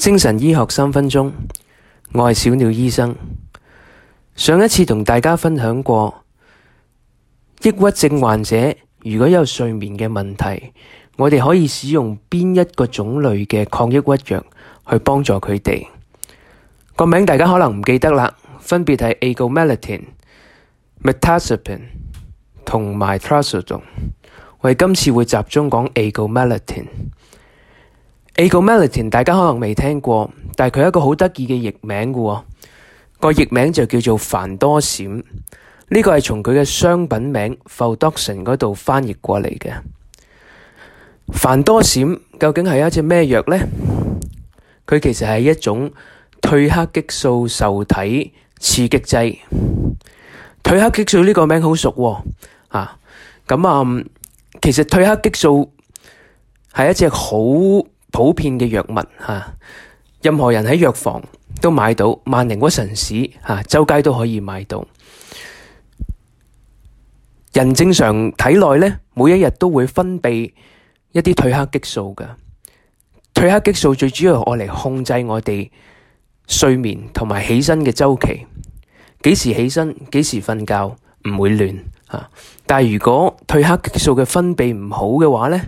精神醫學三分鐘，我係小鳥醫生。上一次同大家分享過，抑鬱症患者如果有睡眠嘅問題，我哋可以使用邊一個種類嘅抗抑鬱藥去幫助佢哋。個名大家可能唔記得啦，分別係 Agomelatine、Mirtazapine 同埋 Trazodone。我哋今次會集中講 Agomelatine。Agomelatine 大家可能未聽過，但係佢有一個好得意嘅譯名嘅。個譯名就叫做凡多閃，呢、這個係從佢嘅商品名 Valdoxan 嗰度翻譯過嚟嘅。凡多閃究竟係一隻咩藥呢？佢其實係一種褪黑激素受體刺激劑。褪黑激素呢個名好熟，咁啊、嗯，其實褪黑激素係一隻好。普遍嘅藥物吓，任何人喺藥房都買到，萬寧屈臣氏吓，周街都可以買到。人正常體內咧，每一日都會分泌一啲褪黑激素嘅。褪黑激素最主要係我嚟，控制我哋睡眠同埋起身嘅周期，幾時起身，幾時瞓覺，唔會亂吓。但係如果褪黑激素嘅分泌唔好嘅話咧？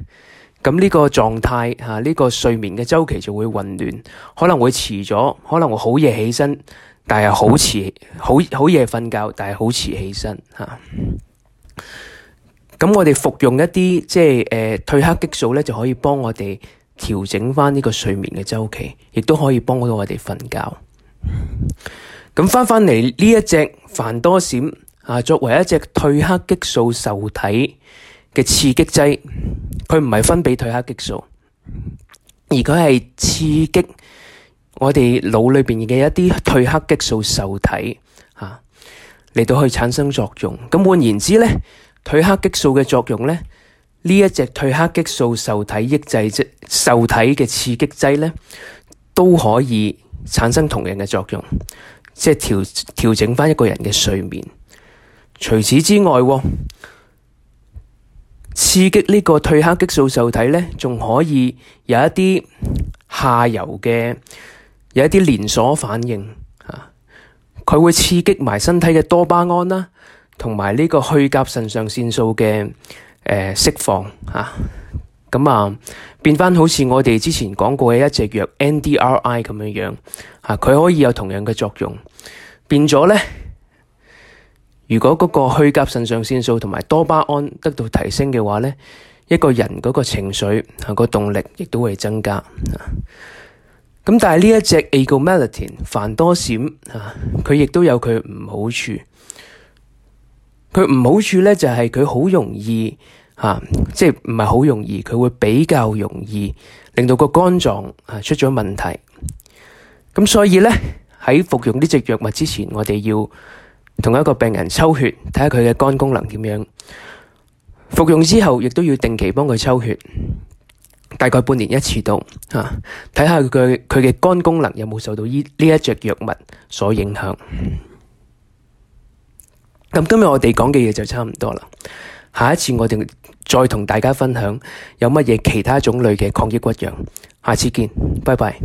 咁呢個狀態吓，呢、啊這個睡眠嘅周期就會混亂，可能會遲咗，可能會好夜起身，但係好遲，好好夜瞓覺，但係好遲起身吓。咁、啊、我哋服用一啲即係誒褪黑激素咧，就可以幫我哋調整翻呢個睡眠嘅周期，亦都可以幫到我哋瞓覺。咁翻返嚟呢一隻凡多閃啊，作為一隻褪黑激素受體，嘅刺激劑，佢唔係分泌退黑激素，而佢係刺激我哋腦裏邊嘅一啲退黑激素受體，吓，嚟到去產生作用。咁換言之咧，退黑激素嘅作用咧，呢一隻退黑激素受體抑制劑、受體嘅刺激劑咧，都可以產生同樣嘅作用，即係調調整翻一個人嘅睡眠。除此之外，喎。刺激呢個褪黑激素受體呢，仲可以有一啲下游嘅有一啲連鎖反應啊。佢會刺激埋身體嘅多巴胺啦，同埋呢個去甲腎上腺素嘅、誒、呃、釋放啊。咁啊，變翻好似我哋之前講過嘅一隻藥 NDRI 咁樣樣啊，佢可以有同樣嘅作用，變咗呢。如果嗰個去甲腎上腺素同埋多巴胺得到提升嘅話呢，一個人嗰個情緒啊、個動力亦都會增加。咁但係呢一隻 Agomelatine 凡多閃，佢亦都有佢唔好處。佢唔好處呢就係佢好容易啊，即係唔係好容易，佢、啊就是、會比較容易令到個肝臟啊出咗問題。咁所以呢，喺服用呢隻藥物之前，我哋要。同一個病人抽血睇下佢嘅肝功能點樣，服用之後，亦都要定期幫佢抽血，大概半年一次到吓，睇下佢佢嘅肝功能有冇受到呢一隻藥物所影響？咁今日我哋講嘅嘢就差唔多啦，下一次我哋再同大家分享有乜嘢其他種類嘅抗抑鬱藥。下次見，拜拜。